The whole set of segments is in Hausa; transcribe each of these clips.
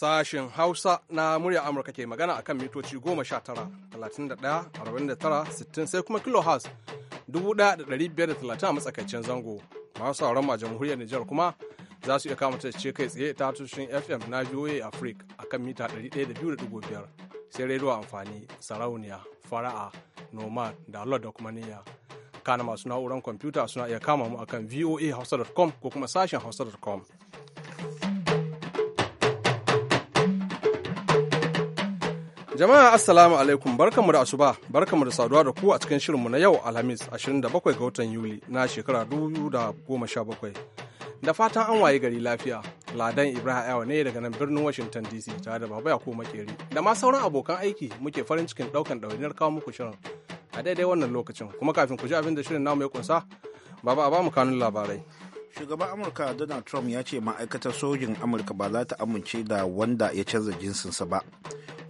Sashen Hausa na murya Amurka ke magana akan mitoci 19-31-49-60 sai kuma kilohertz 1530 a matsakaicin zango. Masu sauran ma jamhuriyar Nijar kuma za su iya kama ce kai tsaye ta tushen FM na VOA Africa akan mita 102.5 sai rediyo amfani sarauniya fara'a nomad da Allah da kuma niyya. Kana masu na'urar kwamfuta suna iya kama mu akan hausa.com ko kuma sashen hausa.com. Jama'a Assalamu alaikum barkanmu da asuba barkanmu da saduwa da ku a cikin shirinmu na yau Alhamis 27 ga watan Yuli na shekara 2017. Da fatan an waye gari lafiya, Ladan Ibrahim Ayawa ne daga nan birnin Washington DC tare da Baba Yakubu Makeri da ma sauran abokan aiki muke farin cikin daukan ɗawainiyar kawo muku shirin a daidai wannan lokacin kuma kafin ku ji abin da shirin namu ya kunsa Baba a ba kanun labarai. shugaban amurka donald trump ya ce ma'aikatar sojin amurka ba za ta amince da wanda ya canza jinsinsa ba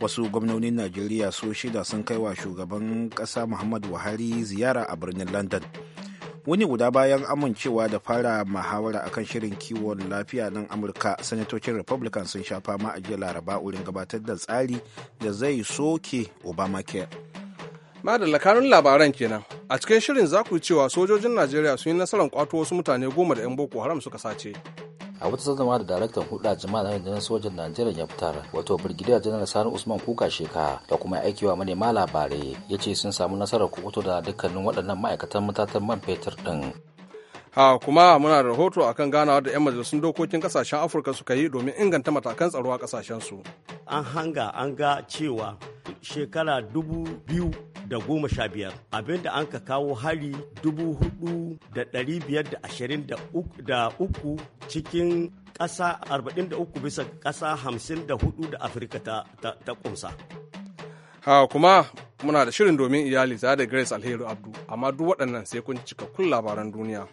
wasu gwamnonin najeriya su shida sun kai wa shugaban ƙasa muhammadu buhari ziyara a birnin london wani guda bayan amincewa da fara muhawara akan shirin kiwon lafiya nan amurka sanatocin republican sun sha fama a jiya laraba wurin gabatar da tsari da zai soke obamacare madalla kanun labaran kenan a cikin shirin za ku cewa sojojin najeriya sun yi nasarar kwato wasu mutane goma da 'yan boko haram suka sace a wata sanarwa da daraktan hudu jama'a na rundunar sojan najeriya ya fitar wato birgidiyar janar sani usman kuka sheka da kuma aikewa manema labarai ya ce sun samu nasarar kokoto da dukkanin waɗannan ma'aikatan matatan man fetur din. ha kuma muna da rahoto kan ganawa da 'yan majalisun dokokin kasashen afirka suka yi domin inganta matakan tsaro a kasashen su an hanga an ga cewa shekara dubu biyu da goma sha biyar abinda an ka kawo hari dubu hudu da dari biyar da ashirin da uku cikin ƙasa arba'in da uku bisa ƙasa hamsin da hudu da afirka ta, ta, kumsa. ha kuma muna da shirin domin iyali za da grace alheri abdu amma duk waɗannan sai kun cikakkun labaran duniya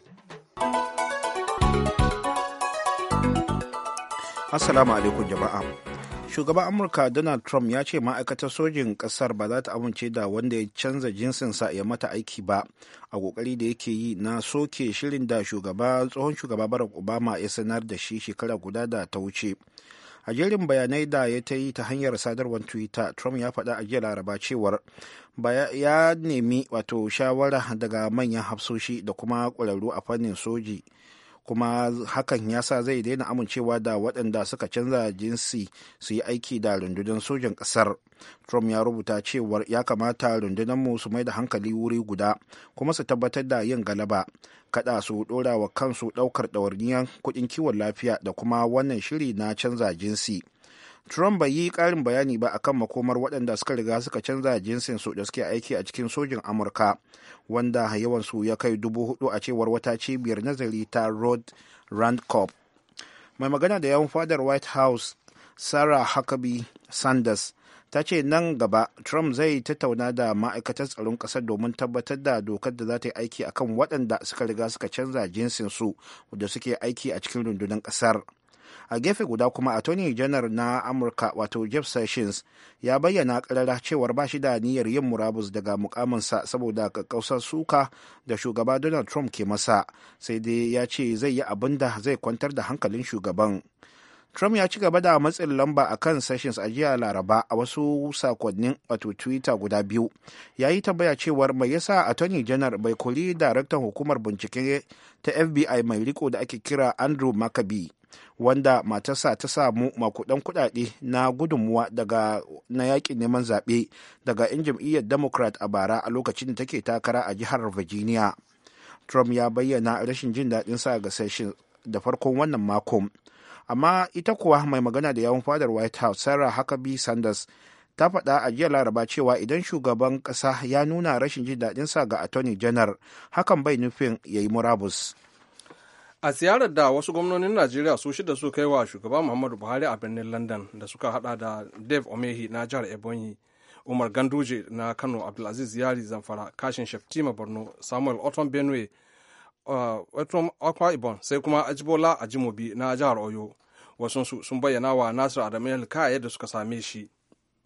assalamu alaikum jama'a shugaban amurka donald trump ya ce ma'aikatar sojin kasar ba za ta amince da wanda ya canza jinsinsa ya mata aiki ba a kokari da yake yi na soke shirin da shugaba tsohon shugaba barack obama ya sanar da shi shekara guda da ta wuce a jerin bayanai da ya ta yi ta hanyar sadarwar twitter trump ya faɗa a jiya laraba cewar ya nemi wato shawara daga manyan hafsoshi da kuma ƙwararru a fannin soji kuma hakan ya sa zai daina amincewa da waɗanda suka canza jinsi su yi aiki da rundunar sojan ƙasar trump ya rubuta cewar ya kamata rundunar mu su mai da hankali wuri guda kuma su tabbatar da yin galaba kada su ɗora wa kansu ɗaukar ɗawarniyar kuɗin kiwon lafiya da kuma wannan shiri na canza jinsi Trump bai yi ƙarin bayani ba akan makomar waɗanda suka riga suka canza jinsin su da suke aiki a cikin sojin Amurka, wanda yawansu ya kai dubu hudu a cewar wata cibiyar nazari ta Rod Rand Corp. Mai magana da yawan fadar White House, Sarah Huckabee Sanders, ta ce nan gaba Trump zai tattauna da ma'aikatar tsaron ƙasar domin tabbatar da dokar da za ta yi aiki akan waɗanda suka riga suka canza jinsin su da suke aiki a cikin rundunar ƙasar. a gefe guda kuma attorney general na amurka wato jeff sessions ya bayyana karara cewar ba shi da niyyar yin murabus daga mukaminsa saboda kakkausar suka da shugaba donald trump ke masa sai dai ya ce zai yi abin da zai kwantar da hankalin shugaban Trump ya ci gaba da matsin lamba a kan Sessions a jiya Laraba a wasu sakonnin wato Twitter guda biyu. Ya yi tambaya cewar mai yasa Attorney janar bai koli daraktan hukumar bincike ta FBI mai riko da ake kira Andrew Makabi wanda matarsa ta samu makudan kudade na gudunmuwa daga na yakin neman zaɓe daga 'yan jam'iyyar democrat a bara a lokacin da take takara a jihar virginia trump ya bayyana rashin jin daɗin sa ga sessions da farkon wannan makon amma ita kuwa mai magana da yawon fadar white house sarah huckabee sanders ta faɗa a jiya laraba cewa idan shugaban ƙasa ya nuna rashin jin sa ga attorney general hakan bai nufin ya yi murabus a ziyarar da wasu gwamnonin najeriya su shida su kai wa shugaba muhammadu buhari a birnin london da suka hada da dave omehi na jihar ebonyi umar ganduje na kano abdulaziz yari zamfara kashin shaftima borno samuel otom benue uh, otom akwa ibon sai kuma ajibola ajimobi na jihar oyo wasunsu sun bayyana wa nasir adamu kaya yadda suka same shi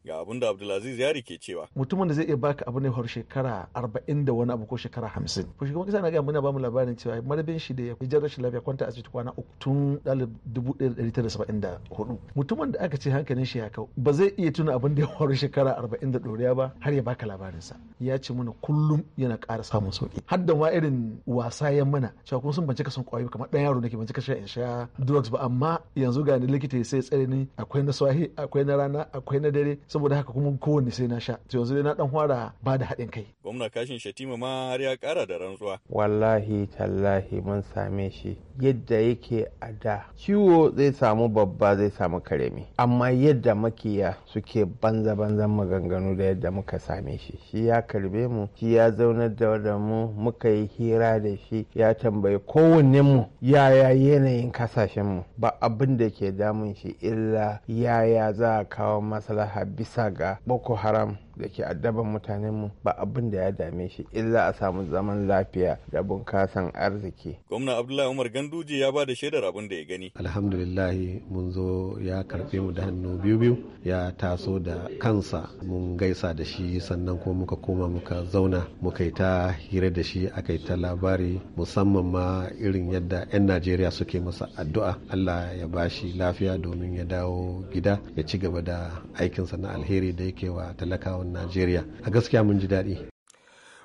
ga abin da abdulaziz yari ke cewa mutumin da zai iya baka abu ne har shekara arba'in da wani abu ko shekara hamsin ko shugaban kasa na gaya muna bamu labarin cewa madabin shi da ya jira rashin lafiya kwanta cikin kwana uku tun dalib dubu ɗaya da tara saba'in da hudu mutumin da aka ce hankalin shi ya kau ba zai iya tuna abin da ya faru shekara arba'in da ɗoriya ba har ya baka labarin sa ya ce mana kullum yana ƙara samun sauƙi har da ma irin wasa ya mana cewa kun sun bance ka son ƙwayoyi kamar ɗan yaro nake ban ka sha in sha drugs ba amma yanzu ga ni likita ya sai tsare ni akwai na akwai na rana akwai na dare saboda haka kuma kowanne sai na sha to yanzu dai na dan fara ba da haɗin kai gwamna kashin shatima ma har ya ƙara da rantsuwa wallahi tallahi mun same shi yadda yake a da ciwo zai samu babba zai samu karemi amma yadda makiya suke banza banzan maganganu da yadda muka same shi shi ya karbe mu shi ya zaunar da mu muka yi hira da shi ya tambayi kowanne mu yaya yanayin kasashen mu ba abin da ke damun shi illa yaya za a kawo maslaha bisaga boko haramu da ke addaban mutanenmu ba abin da ya dame shi illa a samu zaman lafiya da bunkasan arziki. Gwamna Abdullahi Umar Ganduje ya ba da shaidar abin da ya gani. Alhamdulillah mun zo ya karfe mu da hannu biyu biyu ya taso da kansa mun gaisa da shi sannan kuma muka koma muka zauna muka yi ta hira da shi aka yi ta labari musamman ma irin yadda 'yan Najeriya suke masa addu'a Allah ya bashi lafiya domin ya dawo gida ya ci gaba da aikinsa na alheri da yake wa talakawa najeriya a gaskiya mun ji daɗi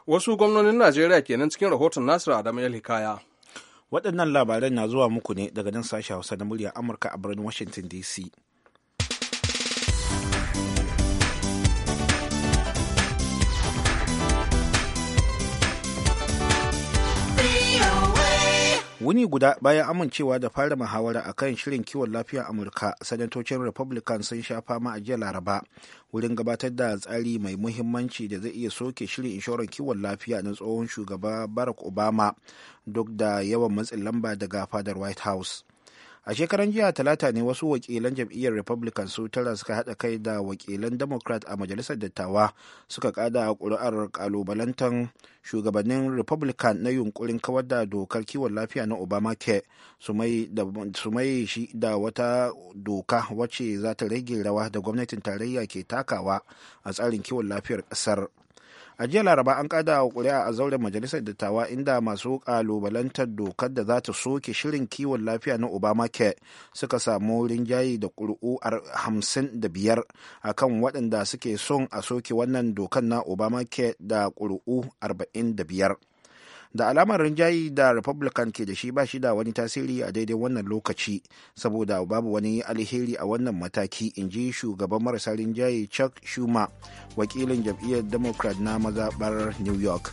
wasu gwamnonin najeriya kenan cikin rahoton nasiru adamu ya hikaya waɗannan labaran na zuwa muku ne daga nan sashen hausa na murya amurka a birnin washington dc wuni guda bayan amincewa da fara muhawara a kan shirin kiwon lafiya amurka sanatocin republican sun sha fama a jiya laraba wurin gabatar da tsari mai muhimmanci da zai iya soke shirin inshorar kiwon lafiya na tsohon shugaba barack obama duk da yawan matsin lamba daga fadar white house a shekaran jiya talata ne wasu wakilan jam'iyyar republican su tara suka haɗa kai da wakilan democrat a majalisar dattawa suka kada ƙuri'ar kalubalantan shugabannin republican na yunkurin kawar da dokar kiwon lafiya na obamacare su mai shi da wata doka wacce za ta rage rawa da gwamnatin tarayya ke takawa a tsarin kiwon lafiyar ƙasar a jiya laraba an kada kuri'a a zauren majalisar dattawa inda masu kalubalantar dokar da za ta soke shirin kiwon lafiya na obamacare suka samu rinjaye da kuri'u hamsin da biyar a kan waɗanda suke son a soke wannan dokar na obamacare da kuri'u arba'in da biyar da alamar rinjaye da republican ke da shi ba shi da wani tasiri a daidai wannan lokaci saboda babu wani alheri a wannan mataki in ji shugaban marasa rinjaye chuck schumer wakilin jam'iyyar democrat na mazaɓar new york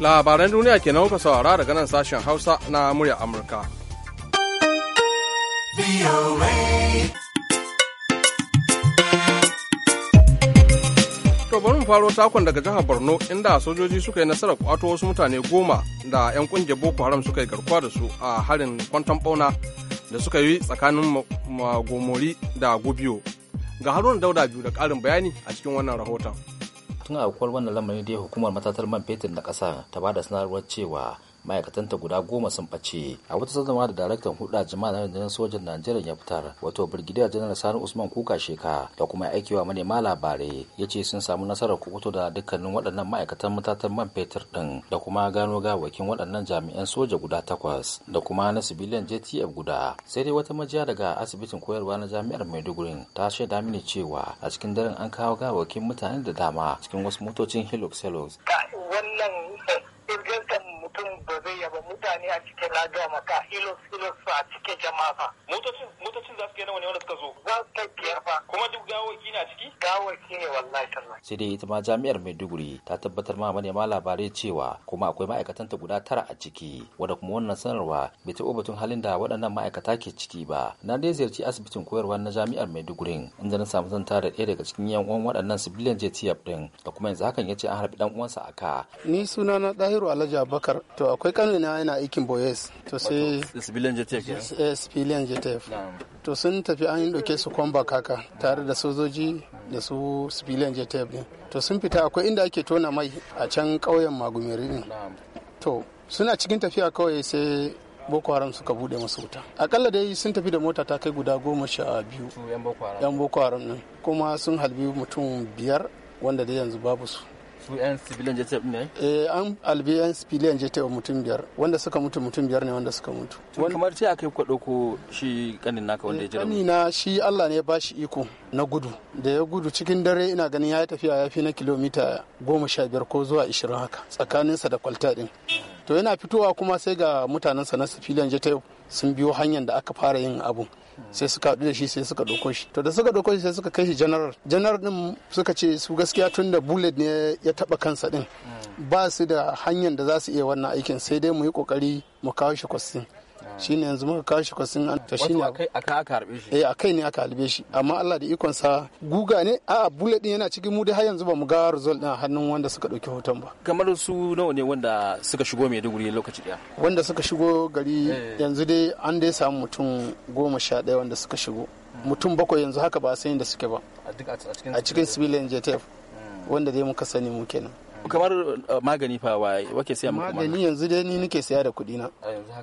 labaran duniya ke nauka saurara daga nan sashen hausa na murya amurka To bari mu faro takon daga jihar Borno inda sojoji suka yi nasarar kwato wasu mutane goma da 'yan kungiyar Boko Haram suka yi garkuwa da su a harin kwantan bauna da suka yi tsakanin magomori da gobiyo. Ga haruna dauda biyu da karin bayani a cikin wannan rahoton. Tun a wannan lamarin da hukumar matatar man fetur na kasa ta ba da sanarwar cewa ma'aikatanta guda goma sun ɓace a wata sanarwa da daraktan hudu jama'a na rundunar sojan najeriya ya fitar wato birgidiyar janar sani usman kuka sheka da kuma aikewa manema labarai ya ce sun samu nasarar kubuto da dukkanin waɗannan ma'aikatan matatan man fetur ɗin da kuma gano gawakin waɗannan jami'an soja guda takwas da kuma na sibiliyan jtf guda sai dai wata majiya daga asibitin koyarwa na jami'ar maiduguri ta shaida mini cewa a cikin daren an kawo gawakin mutane da dama cikin wasu motocin hilux hilux wannan eh, na ga maka hilos hilos fa cike jama'a fa motocin motocin za su kai nawa ne wanda suka zo za su kai biyar fa kuma duk gawaki na ciki gawaki ne wallahi tallahi sai dai ita ma jami'ar Maiduguri ta tabbatar ma manema labarai cewa kuma akwai ma'aikatan ta guda tara a ciki wanda kuma wannan sanarwa bai taɓa batun halin da waɗannan ma'aikata ke ciki ba na dai ziyarci asibitin koyarwa na jami'ar Maiduguri inda na samu zanta da ɗaya daga cikin yan uwan waɗannan sibiliyan JTF din da kuma yanzu hakan ya ce an harbi dan uwansa a ka ni sunana Dahiru Alhaji Abubakar to akwai kanina yana aikin Boyes to sai civilian jtf eh, civilian jtf to sun tafi an ɗauke su kwamba kaka tare da sojoji da su civilian jtf ne to sun fita akwai inda ake tona mai a can ƙauyen magumiri din to suna cikin tafiya kawai sai boko haram suka bude masu wuta akalla dai sun tafi da mota ta kai guda goma sha biyu yan boko haram nan kuma sun halbi mutum biyar wanda dai yanzu babu su su yan civilian jtf ne eh an albi yan civilian jtf mutum biyar wanda suka mutu mutum biyar ne wanda suka mutu kamar ce aka yi kwaɗo ko shi kanin naka wanda ya jira kani eh, na shi Allah ne ya bashi iko na gudu da ya gudu cikin dare ina ganin ya tafiya ya fi na kilomita goma sha biyar ko zuwa ishirin haka tsakaninsa da kwalta din to yana fitowa kuma sai ga mutanensa na civilian jtf sun biyo hanyar da aka fara yin abun sai suka haɗu da shi sai suka ɗauko shi to da suka ɗauko shi sai suka kai shi general general din suka ce su gaskiya tun da bullet ne ya taɓa kansa din ba su da hanyar da za su iya wannan aikin sai dai mu yi ƙoƙari mu kawo shi kwastin ne yanzu muka kawo shi kwasin an ta shi ne eh, a kai ne aka halbe shi amma Allah da ikon sa guga ne a bullet din yana cikin mu dai har yanzu ba mu ga result din hannun wanda suka dauki hoton ba kamar su nawa ne wanda suka shigo mai duguri lokaci daya wanda suka shigo gari eh. yanzu dai an dai samu mutum goma sha daya wanda suka shigo mutum bakwai yanzu haka ba san da suke ba a cikin civilian JTF hmm. wanda dai muka sani mu kenan kamar uh, magani fa wa wake siya muku magani yanzu dai ni nake siya da kuɗi na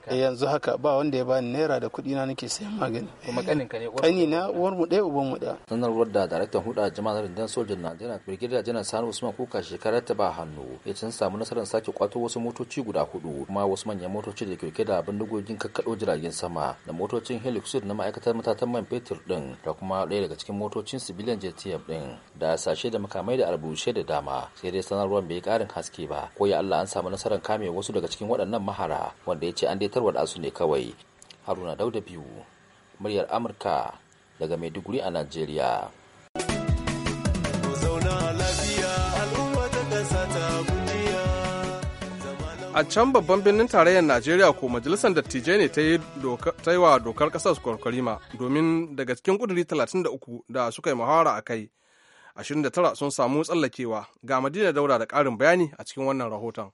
eh, yanzu haka ba wanda ya bani naira da kuɗi na nake siya magani kuma kanin ka ne kani na uwar mu ɗaya uban mu ɗaya sanarwar da daraktan huda jama'ar rundunar sojin Najeriya Brigadier General Sani Usman Kuka shekarar ta ba hannu ya san samu nasarar sake kwato wasu motoci guda hudu kuma wasu manyan motoci da kirke da bindigogin kakkado jiragen sama da motocin helicopter na ma'aikatar matatan man fetur din da kuma ɗaya daga cikin motocin civilian JTF din da sashe da makamai da arbushe da dama sai dai sanarwar bai karin haske ba ko ya Allah an samu nasarar kame wasu daga cikin waɗannan mahara wanda ya ce an dai tarwada su ne kawai haruna dauda biyu muryar amurka daga maiduguri a nigeria. a can babban birnin tarayyar najeriya ko majalisar dattijai ne ta yi wa dokar kasar kwarkwarima domin daga cikin kuduri 33 da suka yi muhawara a kai 29 sun samu tsallakewa ga madina daura da ƙarin bayani a cikin wannan rahoton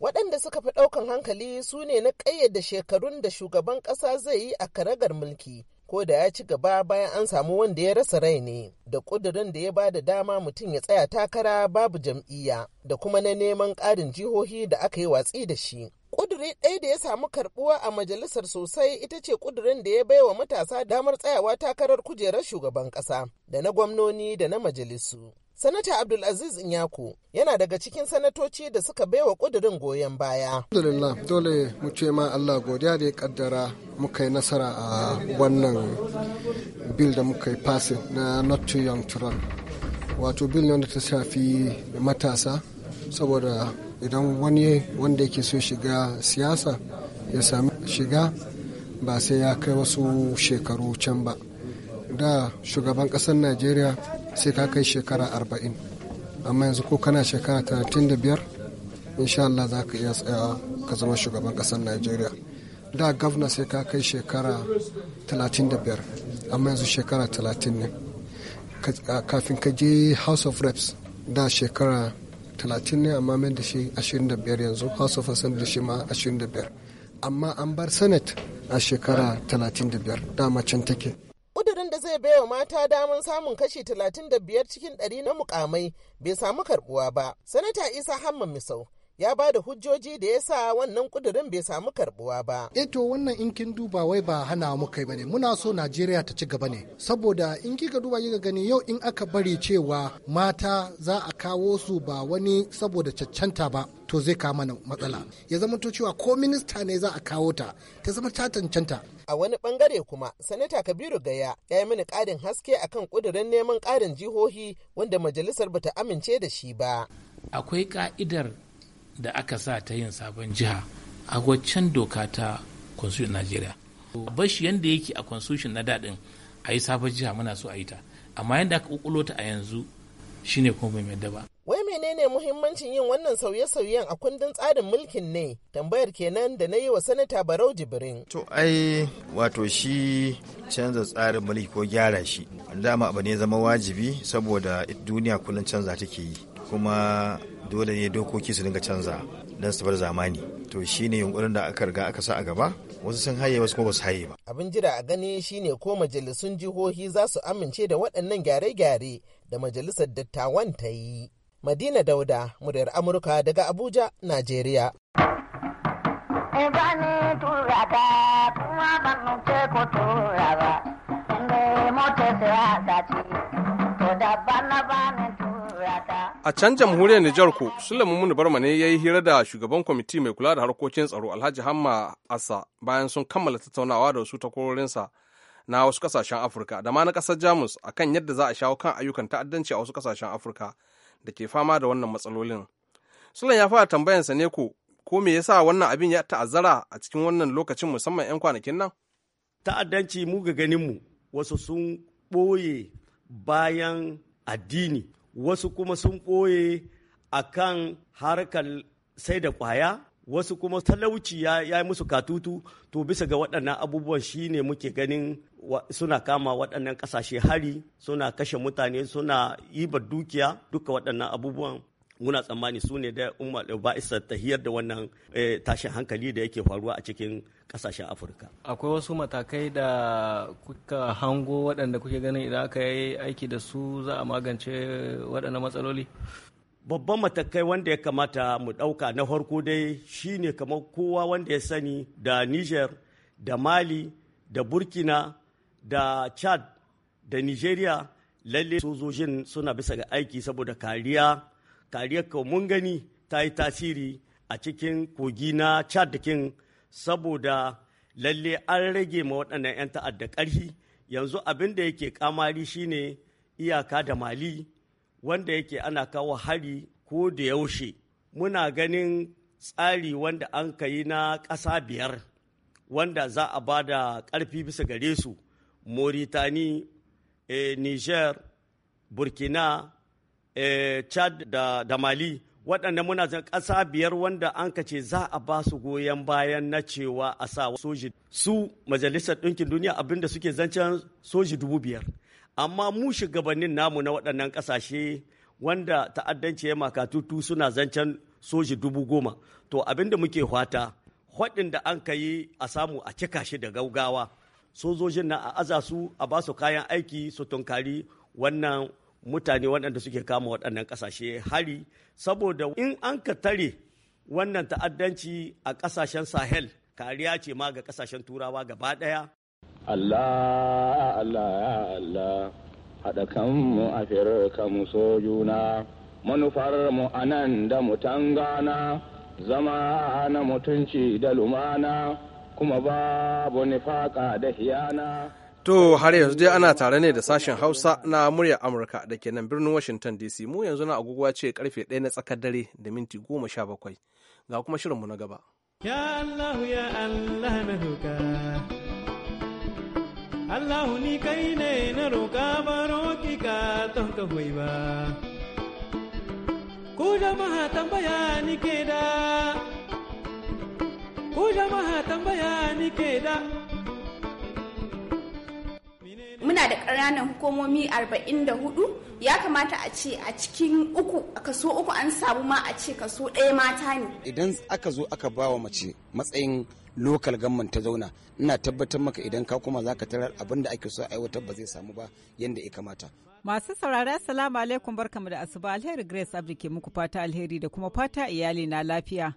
waɗanda suka fi ɗaukan hankali su ne na ƙayyade shekarun da shugaban ƙasa zai yi a karagar mulki ko da ya ci gaba bayan an samu wanda ya rasa rai ne da ƙudurin da ya ba da dama mutum ya tsaya takara babu jam'iyya da kuma na neman ƙarin jihohi da aka yi watsi da shi Ƙuduri ɗaya da ya samu karɓuwa a majalisar sosai ita ce ƙudurin da ya baiwa matasa damar tsayawa takarar kujerar shugaban ƙasa da na gwamnoni da na majalisu. Sanata Abdulaziz Inyaku, yana daga cikin sanatoci da suka baiwa ƙudurin goyon baya. Alhamdulillah dole mu ce ma Allah godiya da ya kaddara muka yi nasara a wannan bil da muka yi fasi na not too young to run. Wato bil ne wanda ta shafi matasa saboda idan wani wanda yake so shiga siyasa ya sami shiga ba sai ya kai wasu shekaru can ba da shugaban ƙasar najeriya sai ka kai shekara arba'in amma yanzu ko kana shekara talatin da biyar insha Allah za ka iya tsaya ka zama shugaban ƙasar najeriya da gavna sai ka kai shekara talatin da biyar amma yanzu shekara talatin ne kafin ka je house of reps da shekara 30 ne amma mai da shi 25 yanzu house of assembly shi ma 25 amma an bar senate a shekara 35 dama can take ƙudurin da zai baiwa mata damar samun kashi biyar cikin 100 na mukamai bai samu karbuwa ba sanata isa hamman misau ya ba da hujjoji da ya sa wannan kudirin bai samu karbuwa ba. E to wannan in kin duba wai ba hana mu kai bane muna so Najeriya ta ci gaba ne saboda in kika duba kika gani yau in aka bari cewa mata za a kawo su ba wani saboda cancanta ba to zai kama mana matsala ya zama to cewa ko minista ne za a kawo ta ta zama ta cancanta. A wani bangare kuma sanata Kabiru Gaya ya yi mini karin haske akan kudirin neman karin jihohi wanda majalisar bata amince da shi ba. Akwai ka'idar da aka sa ta yin sabon jiha a waccan doka ta constitution najeriya bashi yadda yake a constitution na daɗin a yi sabon jiha muna so a yi ta amma yadda aka ƙuƙulo ta a yanzu shine kuma mai ba Wai menene muhimmancin yin wannan sauye-sauyen a kundin tsarin mulkin ne? Tambayar kenan da na yi wa Sanata Barau Jibrin. To ai wato shi canza tsarin mulki ko gyara shi. Dama abu ne zama wajibi saboda duniya kullum canza take yi. Kuma dole ne dokoki su dinga canza don su bar zamani to shine yunkurin da aka riga aka sa a gaba wasu sun haye wasu kuma su haye ba abin jira a gani shine ko majalisun jihohi za su amince da waɗannan gyare-gyare da majalisar dattawan ta yi madina dauda muryar amurka daga abuja najeriya mota A can jamhuriyar Nijar ko Sulaiman Muni Barma ne ya yi hira da shugaban kwamiti mai kula da harkokin tsaro Alhaji Hamma Asa bayan sun kammala tattaunawa da wasu takwarorinsa na wasu kasashen Afirka da ma na kasar Jamus akan yadda za a shawo kan ayyukan ta'addanci a wasu kasashen Afirka da ke fama da wannan matsalolin. Sulan ya fara tambayansa ne ko ko me yasa wannan abin ya ta'azzara a cikin wannan lokacin musamman 'yan kwanakin nan? Ta'addanci mu ga ganinmu wasu sun ɓoye bayan addini wasu kuma sun ɓoye a kan harkar sai da ƙwaya wasu kuma talauci ya yi musu katutu to bisa ga waɗannan abubuwan shi ne muke ganin suna kama waɗannan ƙasashe hari suna kashe mutane suna yi dukiya duka waɗannan abubuwan muna tsammani su ne da ba isa hiyar da wannan eh, tashin hankali da yake faruwa a cikin kasashen afirka akwai wasu matakai da kuka hango waɗanda kuke ganin idan aka yi aiki da su za a magance waɗannan matsaloli babban matakai wanda ya kamata mu ɗauka na farko dai shine kamar kowa wanda ya sani da niger da mali da burkina da chad da nigeria lalle sojojin suna bisa ga aiki saboda kariya kariyarka mun gani ta yi tasiri a cikin kogi na chadikin saboda lalle an rage ma waɗannan 'yan ta'adda ƙarfi yanzu abin da yake kamari shine iyaka da mali wanda yake ana kawo hari ko da yaushe muna ganin tsari wanda an ka yi na ƙasa biyar wanda za a ba da ƙarfi bisa gare su mauritani eh, niger burkina Eh, chad da, da mali waɗanda muna zan ƙasa biyar wanda an ka ce za a ba su goyon bayan na cewa a sa soji su majalisar ɗinkin duniya abinda suke zancen soji dubu biyar amma mu shugabannin namu na waɗannan ƙasashe wanda ta'addanci ya makatutu suna zancen soji dubu goma to abinda muke hwata hwaɗin da an ka yi a samu a cika shi da gaugawa sojojin na a aza su a ba su kayan aiki su tunkari wannan mutane waɗanda suke kama waɗannan ƙasashe hari saboda in an ka tare wannan ta'addanci a ƙasashen sahel kariya ce ma ga ƙasashen turawa gaba ɗaya allah allah ya allah haɗa kanmu a kanmu so juna manufarmu anan da mu gana zama na mutunci da lumana kuma babu nifaka da hiyana To har yanzu dai ana tare ne da sashen Hausa na muryar Amurka da ke nan birnin Washington DC mu yanzu na agogo ce karfe 1 na tsakar dare da minti 17 ga kuma shirinmu na gaba. Ya Allah ya Allah na roka Allah ni kai ne na roka baro ki ka ton ka ba Ku jama'a tambaya ni ke da Ku jama'a tambaya ni ke da muna da ƙananan hukumomi 44 ya kamata a ce a cikin uku kaso uku an samu ma a ce kaso ɗaya mata ne idan aka zo aka ba wa mace matsayin lokal gamman ta zauna ina tabbatar maka idan ka kuma zaka tarar abin da ake so aiwatar ba zai samu ba yanda ya kamata masu saurara salamu alaikum barkamu da asuba alheri grace abdi ke muku fata alheri da kuma fata iyali na lafiya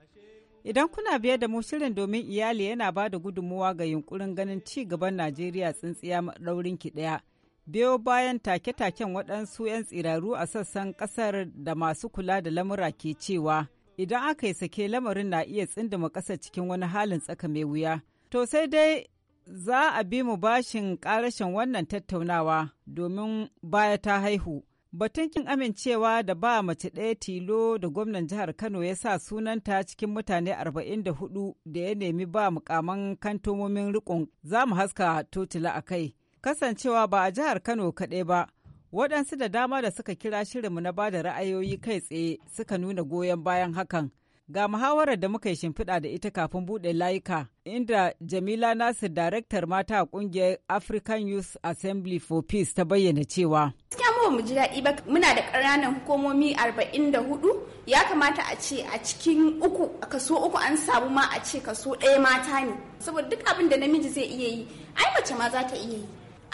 Idan kuna biye da mu shirin domin iyali yana ba da gudunmuwa ga yunkurin ganin ci gaban Najeriya tsintsiya maɗaurin ki ɗaya. Biyo bayan take-taken waɗansu 'yan tsiraru a sassan ƙasar da masu kula da lamura ke cewa idan aka yi sake lamarin na iya tsindima ƙasar cikin wani halin tsaka mai wuya. To sai dai za a bi mu bashin ƙarashin wannan tattaunawa domin baya ta haihu. Batun kin amincewa da ba mace ɗaya tilo da gwamnan jihar Kano ya sa sunanta cikin mutane 44 da ya nemi ba mukaman kantomomin rikon za mu haska totila a kai. Kasancewa ba a jihar Kano kaɗai ba, waɗansu da dama da suka kira shirinmu na ba da ra'ayoyi kai tsaye suka nuna goyon bayan hakan. Ga muhawarar da muka yi shimfiɗa da ita kafin buɗe layuka, inda Jamila Nasir daraktar mata a ƙungiyar African Youth Assembly for Peace ta bayyana cewa. Gaskiya mu ji daɗi ba muna da ƙananan hukumomi 44 ya kamata a ce a cikin uku kaso uku an samu ma a ce kaso ɗaya mata ne. Saboda duk abin da namiji zai iya yi, ai mace ma za ta iya yi.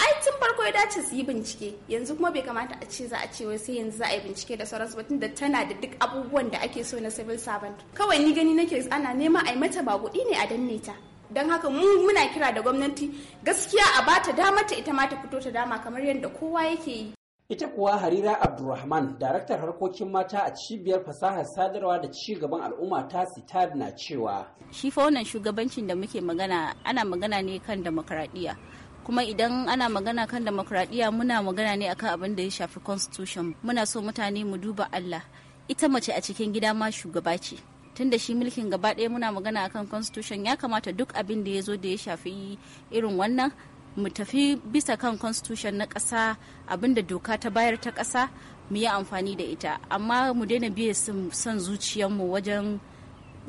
ai tun farko ya dace su yi bincike yanzu kuma bai kamata a ce za a ce wai sai yanzu za a yi bincike da sauransu ba tunda tana da duk abubuwan da ake so na civil servant kawai ni gani nake ana nema a yi mata ba kuɗi ne a danne ta don haka mu muna kira da gwamnati gaskiya a bata dama ta ita ma ta fito ta dama kamar yadda kowa yake yi ita kuwa harira abdulrahman daraktar harkokin mata a cibiyar fasahar sadarwa da ci gaban al'umma ta sitar na cewa shi fa wannan shugabancin da muke magana ana magana ne kan demokradiyya kuma idan ana magana kan demokradiyya muna magana ne akan abin da ya shafi constitution muna so mutane mu duba Allah ita mace a cikin gida ma shugaba ce tunda shi mulkin gaba ɗaya muna magana akan constitution ya kamata duk abin da ya zo da ya shafi irin wannan mu tafi bisa kan constitution na ƙasa da doka ta bayar ta ƙasa mu yi amfani da ita amma mu daina biye son zuciyarmu wajen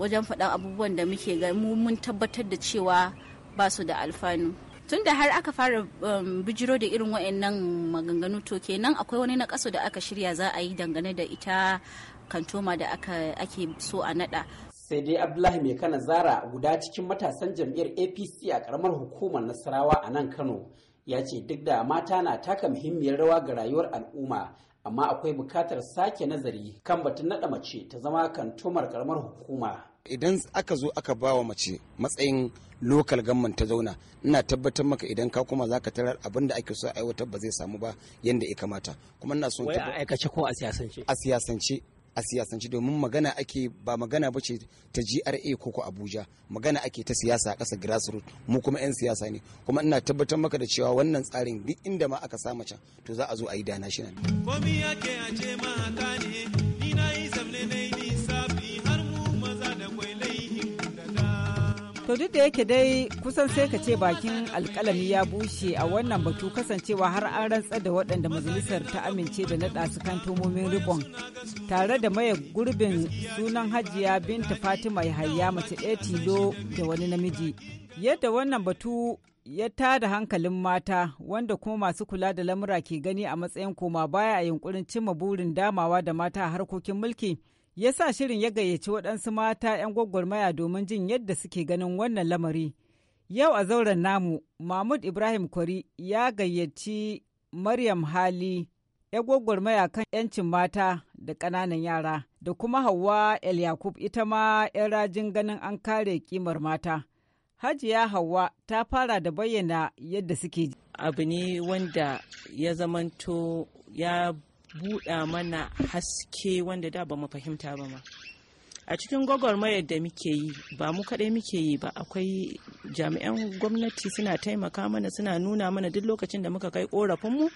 wajen faɗan abubuwan da muke ga mu mun tabbatar da cewa ba su da alfanu tun da har aka fara um, bijiro da irin wa'annan maganganu to kenan akwai wani na kaso da aka shirya za a yi dangane da ita kantoma da ake so a nada sai dai abdullahi mai kana zara guda cikin matasan jam'iyyar apc a karamar hukumar nasarawa a nan kano ya ce duk da mata na taka muhimmiyar rawa ga rayuwar al'umma amma akwai bukatar sake nazari kan batun naɗa mace ta zama kantomar karamar hukuma idan aka zo aka ba wa mace matsayin lokal gamman ta zauna ina tabbatar maka idan ka kuma za ka tarar abin da ake so a aiwatar ba zai samu ba yadda ya kamata kuma ina son a aikace ko a siyasance a siyasance domin magana ake ba magana ba ce ta GRA ko ko Abuja magana ake ta siyasa a kasa grassroots mu kuma 'yan siyasa ne kuma ina tabbatar maka da cewa wannan tsarin duk inda ma aka sa mace to za a zo a yi dana shi yake a ce mahaka ne ni na yi zamne ne To duk da yake dai kusan sai ka ce bakin alkalami ya bushe a wannan batu kasancewa har an rantsar da waɗanda majalisar ta amince da naɗa su kan tumomin ribon tare da maye gurbin sunan hajiya binta Fatima Yahaya mace ɗaya tilo da wani namiji. Yadda wannan batu ya da hankalin mata wanda kuma masu kula da lamura ke gani a matsayin koma baya a yunkurin cimma burin damawa da mata a harkokin mulki. ya sa shirin ya gayyaci waɗansu mata 'yan gwagwarmaya domin jin yadda suke ganin wannan lamari. Yau a zauren namu, Mahmud Ibrahim Kwari ya gayyaci Maryam Hali, 'yan gwagwarmaya kan 'yancin mata da ƙananan yara, da kuma Hauwa El Yakub ita ma 'yan rajin ganin an kare kimar mata. Hajiya Hauwa ta fara da bayyana yadda suke. Abu ne wanda ya zamanto ya buɗa mana haske wanda da ba mu fahimta ba ma a cikin gwagwarmayar da muke yi ba mu kaɗai muke yi ba akwai jami'an gwamnati suna taimaka mana suna nuna mana duk lokacin da muka kai korafinmu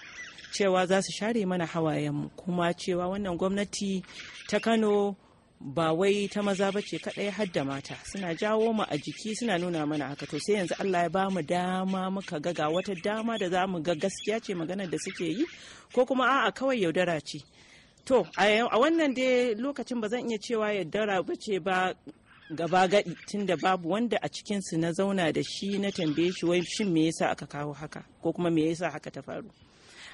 cewa za su share mana hawayenmu kuma cewa wannan gwamnati ta kano ba wai ta maza ba ce kaɗai har mata suna jawo mu a jiki suna nuna mana haka to sai yanzu Allah ya ba mu dama muka gaga wata dama da za mu ga gaskiya ce maganar da suke yi ko kuma a'a kawai yaudara ce to a wannan dai lokacin ba zan iya cewa yaudara ba ce ba gaba gadi tunda babu wanda a cikinsu na zauna da shi na tambaye shi wai shin me yasa aka kawo haka ko kuma me yasa haka ta faru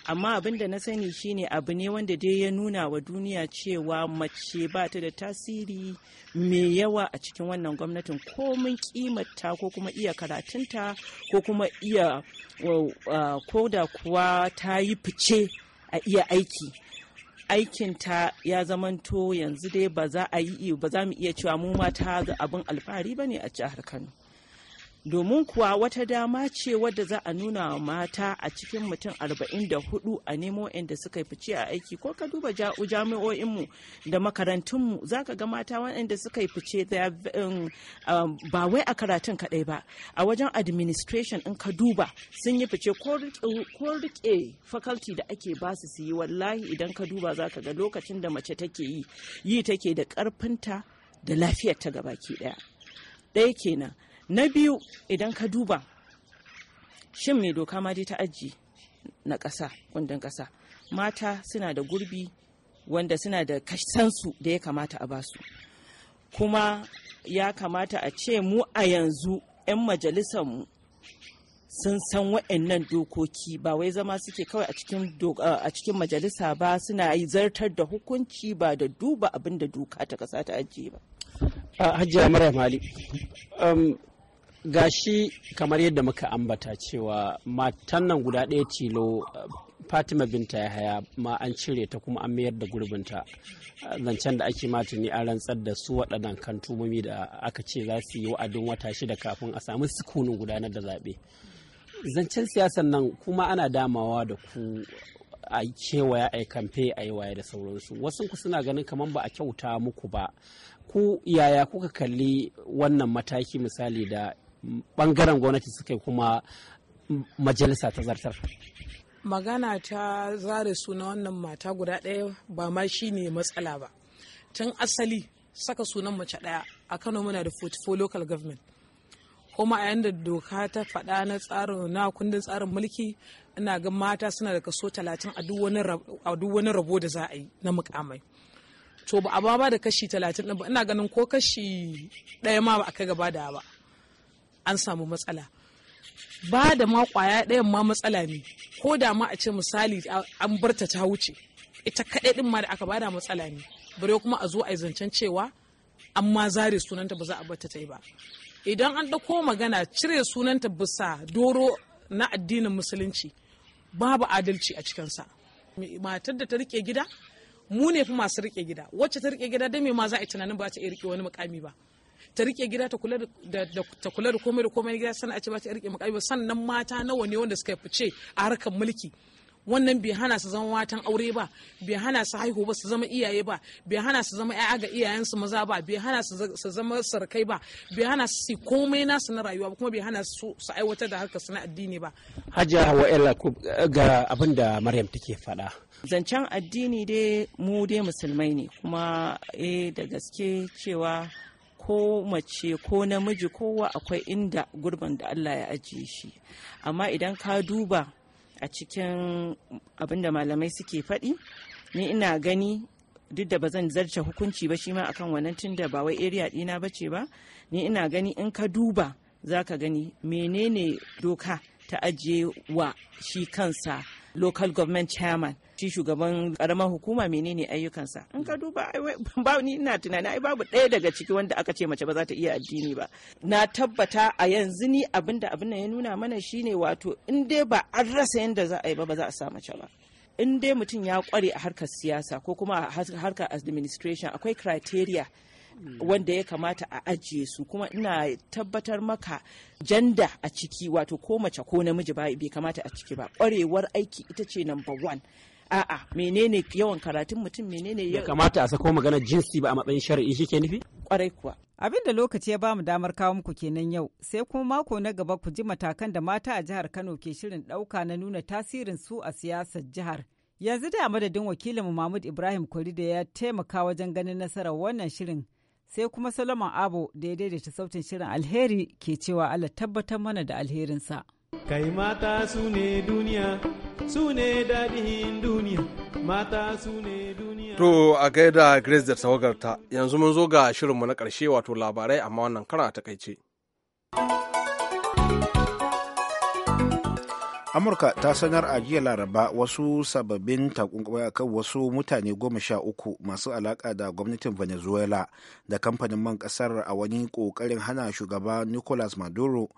amma abin da na sani shine abu ne wanda dai ya nuna wa duniya cewa mace ba ta da tasiri mai yawa a cikin wannan gwamnatin ko mun kimata ko kuma iya karatunta ko kuma iya ko da kuwa ta yi fice a iya aiki aikinta ya zamanto yanzu dai ba za a yi ba za mu iya cewa mu mata abin alfahari ba ne a jihar kano domin kuwa wata dama ce wadda za a nuna wa mata a cikin mutum 44 a nemo inda suka yi fice a aiki ko ka duba jami'o'inmu da makarantunmu za ka ga mata waɗanda suka yi fice um, um, ba wai a karatun kaɗai ba a wajen administration in ka duba sun yi fice ko rike faculty da ake ba su su yi wallahi idan ka duba za ka ga lokacin da mace take yi yi take da ƙarfinta da lafiyarta gabaki ɗaya ɗaya kenan na biyu idan ka duba shin mai doka ma dai ta aji na ƙasa kundin ƙasa mata suna da gurbi wanda suna da kasansu da ya kamata a basu kuma ya kamata a ce mu a yanzu 'yan majalisarmu sun san wa'annan dokoki ba wai zama suke kawai a cikin majalisa ba suna zartar da hukunci ba da duba abin da doka ta kasa ta ajiye ba. hajiya mara mali um, gashi kamar yadda muka ambata cewa matan nan guda ɗaya tilo eh, fatima binta ya haya ma an cire ta kuma an mayar da gurbinta eh, zancen da ake mata ne a rantsar da su waɗannan kantumomi da aka ce za su yi wa'adin wata shida kafin a samu sukunin gudanar da zaɓe zancen siyasan nan kuma ana damawa da ku a kewaya a kamfe a yi waye da sauransu wasu ku suna ganin kamar ba a kyauta muku ba ku yaya kuka kalli wannan mataki misali da bangaren gwamnati suka kuma majalisa ta zartar magana ta zare suna wannan mata guda ɗaya ba ma shi ne matsala ba tun asali saka sunan mace ɗaya a kano muna da 44 local government kuma a yanda doka ta faɗa na tsarin na kundin tsarin mulki ina ga mata suna da kaso 30 a duk wani rabo da za a yi na mukamai to ba a ba da kashi 30 ba ina ganin ko kashi ɗaya ma ba a kai gaba da ba an samu matsala ba da ma kwaya ɗayan ma matsala ne ko da ma a ce misali an barta ta wuce ita kaɗai ɗin ma da aka bada matsala ne bare kuma a zo a yi zancen cewa an ma zare sunanta ba za a barta ta yi ba idan an ɗauko magana cire sunanta bisa doro na addinin musulunci babu adalci a cikinsa matar da ta rike gida mu ne fi masu rike gida wacce ta rike gida dai me ma za a yi tunanin ba ta iya rike wani mukami ba ta rike gida ta kula da ta kula da komai da komai gida sannan a ce ba ta rike mukami sannan mata nawa ne wanda suka fice a harkar mulki wannan bai hana su zama watan aure ba bai hana su haihu ba su zama iyaye ba bai hana su zama 'ya'a ga iyayensu maza ba bai hana su zama sarkai ba bai hana su komai nasu na rayuwa kuma bai hana su su aiwatar da harkar su na addini ba hajiya hawa'ila ga abin da maryam take faɗa zancen addini dai mu dai musulmai ne kuma eh da gaske cewa ko mace ko namiji kowa akwai inda gurbin da Allah ya ajiye shi amma idan ka duba a cikin abinda malamai suke faɗi ni ina gani duk da ba zan zarce hukunci ba shi ma akan wannan tunda ba wai area ɗina ba ce ba ni ina gani in ka duba za ka gani menene doka ta ajiye wa shi kansa local government chairman shi shugaban karamar hukuma menene ayyukansa in ka duba ba ni ina tunani ai babu ɗaya daga ciki wanda aka ce mace ba za ta iya addini ba na tabbata a yanzu ni abinda abin ya nuna mana shine wato in dai ba an rasa yanda za a yi ba ba za a sa mace ba in dai mutum ya kware a harkar siyasa ko kuma a harkar administration akwai criteria wanda ya kamata a ajiye su kuma ina tabbatar maka janda a ciki wato ko mace ko namiji bai kamata a ciki ba kwarewar aiki ita ce number one a'a menene yawan karatun mutum menene ya kamata a sako magana jinsi ba a matsayin shari'i shi ke nufi kwarai kuwa abin da lokaci ya bamu damar kawo muku kenan yau sai kuma mako na gaba ku ji matakan da mata a jihar kano ke shirin dauka na nuna tasirin su a siyasar jihar yanzu da madadin wakilin mahmud ibrahim kwari da ya taimaka wajen ganin nasarar wannan shirin sai kuma abu Abo da ya daidaita sautin shirin alheri ke cewa Allah tabbatar mana da alherinsa. Kai mata su ne duniya, su ne daɗin duniya, mata su ne duniya. To a gaida Grace da tawagarta yanzu mun zo ga shirinmu na ƙarshe wato labarai amma wannan kara takaice. amurka ta sanar a jiya laraba wasu sababbin takunkumai akan wasu mutane goma sha uku masu alaka da gwamnatin venezuela da kamfanin man kasar a wani kokarin hana shugaba nicolas maduro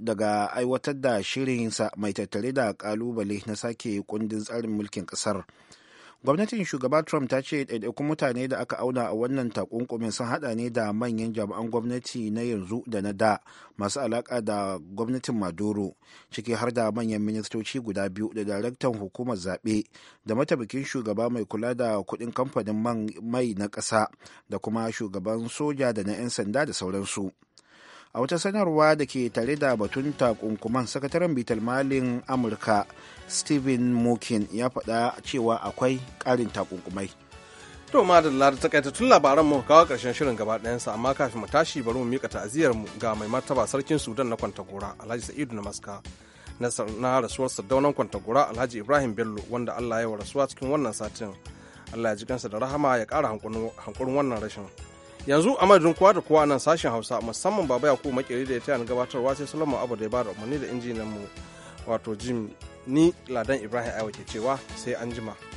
daga aiwatar da shirinsa mai tattare da kalubale na sake kundin tsarin mulkin kasar. gwamnatin shugaba trump ta ce ɗaiɗaikun mutane da aka auna a wannan takunkumin sun haɗa ne da manyan jami'an gwamnati na yanzu da na da masu alaka da gwamnatin maduro ciki har da manyan ministoci guda biyu da daraktan hukumar zaɓe da matabakin shugaba mai kula da kuɗin kamfanin mai na ƙasa da kuma shugaban soja da na 'yan sanda da sauransu. a wata sanarwa da ke tare da batun takunkuman sakataren bitar malin amurka stephen mokin ya faɗa cewa akwai ƙarin takunkumai to madalla da tun labaran mu kawo karshen shirin gaba ɗayansa amma kafin mu tashi bari mu mika ta'aziyar mu ga mai martaba sarkin sudan na gora alhaji sa'idu na maska na rasuwar sardaunan kwantagora alhaji ibrahim bello wanda allah ya wa rasuwa cikin wannan satin allah ya ji kansa da rahama ya ƙara hankurin wannan rashin yanzu a madadin kowa da kowa nan sashen hausa musamman baba yaku makeri da ya taya gabatarwa sai solomon abu da ya bada umarni da injinan mu wato jim ni ladan ibrahim aiwa ke cewa sai an jima.